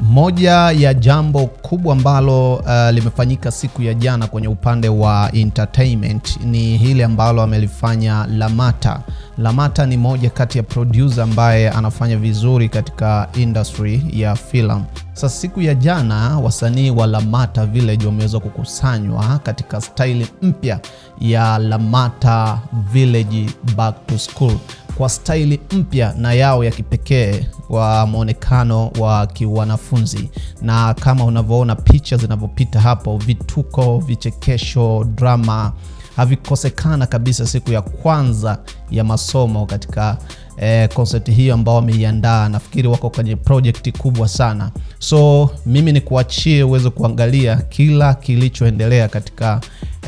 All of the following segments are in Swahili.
Moja ya jambo kubwa ambalo uh, limefanyika siku ya jana kwenye upande wa entertainment ni hili ambalo amelifanya Lamata. Lamata ni moja kati ya producer ambaye anafanya vizuri katika industry ya film Sasa siku ya jana wasanii wa Lamata Village wameweza kukusanywa katika staili mpya ya Lamata Village Back to School kwa staili mpya na yao ya kipekee wa mwonekano wa kiwanafunzi, na kama unavyoona picha zinavyopita hapo, vituko, vichekesho, drama havikosekana kabisa siku ya kwanza ya masomo katika konseti eh, hiyo ambao wameiandaa. Nafikiri wako kwenye projekti kubwa sana, so mimi ni kuachie uweze kuangalia kila kilichoendelea katika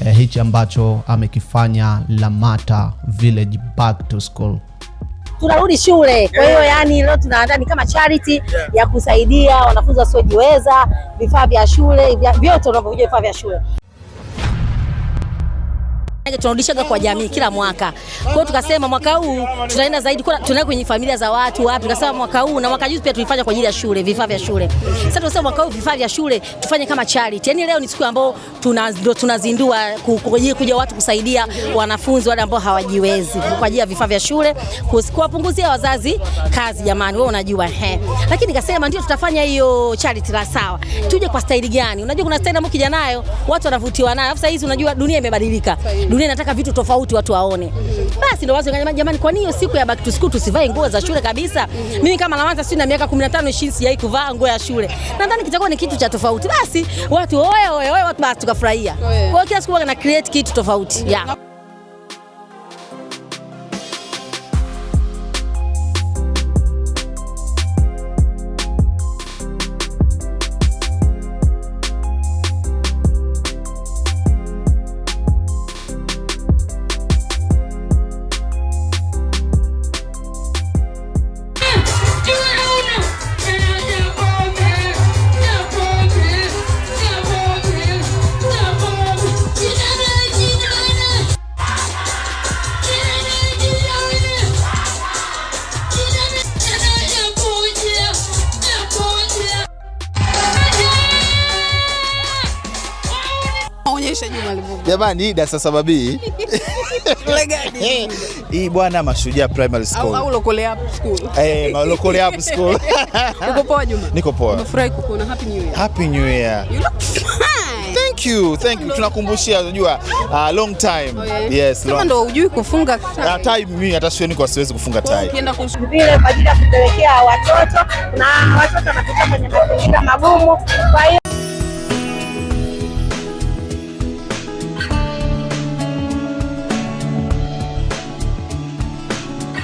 eh, hichi ambacho amekifanya Lamata Village Back to School tunarudi shule. Kwa hiyo yani leo tunaandaa ni kama charity yeah. ya kusaidia wanafunzi wasiojiweza, vifaa vya shule vyote, unavyokuja vifaa vya shule tunarudishaga kwa jamii kila mwaka. Kwa hiyo tukasema mwaka huu tunaenda zaidi, tunaenda kwenye familia za watu wapi, tukasema mwaka huu na mwaka juzi pia tulifanya kwa ajili ya shule, vifaa vya shule. Sasa tunasema mwaka huu vifaa vya shule tufanye kama charity, yaani leo ni siku ambayo ndo tunazindua kuja watu kusaidia wanafunzi wale ambao hawajiwezi kwa ajili ya vifaa vya shule, kuwapunguzia wazazi kazi. Jamani, wewe unajua he. Lakini nikasema ndio tutafanya hiyo charity la sawa, tuje kwa staili gani? Unajua kuna staili ambayo nayo watu wanavutiwa nayo, Sasa hizi unajua dunia imebadilika dunia inataka vitu tofauti watu waone. Basi ndio wazo jamani, kwa nini siku ya back to school tusivae nguo za shule kabisa? Mimi kama nawaza, si na miaka 15 20 sijai kuvaa nguo ya shule. Nadhani kitakuwa ni kitu cha tofauti. Basi watu oye oye oye, watu basi tukafurahia. Kwa hiyo kila siku wana create kitu tofauti. Yeah. Jamani, hii darasa saba B hii bwana, Mashujaa Primary School au lokole hapo school eh, lokole hapo school. Uko poa Juma? Niko poa. Nafurahi kukuona. Happy New Year. Happy New Year. You look fine. Thank you. Thank you. Tunakumbushia, unajua uh, long time. Oh, yeah. Yes, long. Kama ndo hujui kufunga uh, tie. Mimi hata sio kwa siwezi kufunga tie. Ukienda kushuhudia kwa ajili ya kupelekea watoto na watoto wanapita kwenye mazingira magumu. Kwa hiyo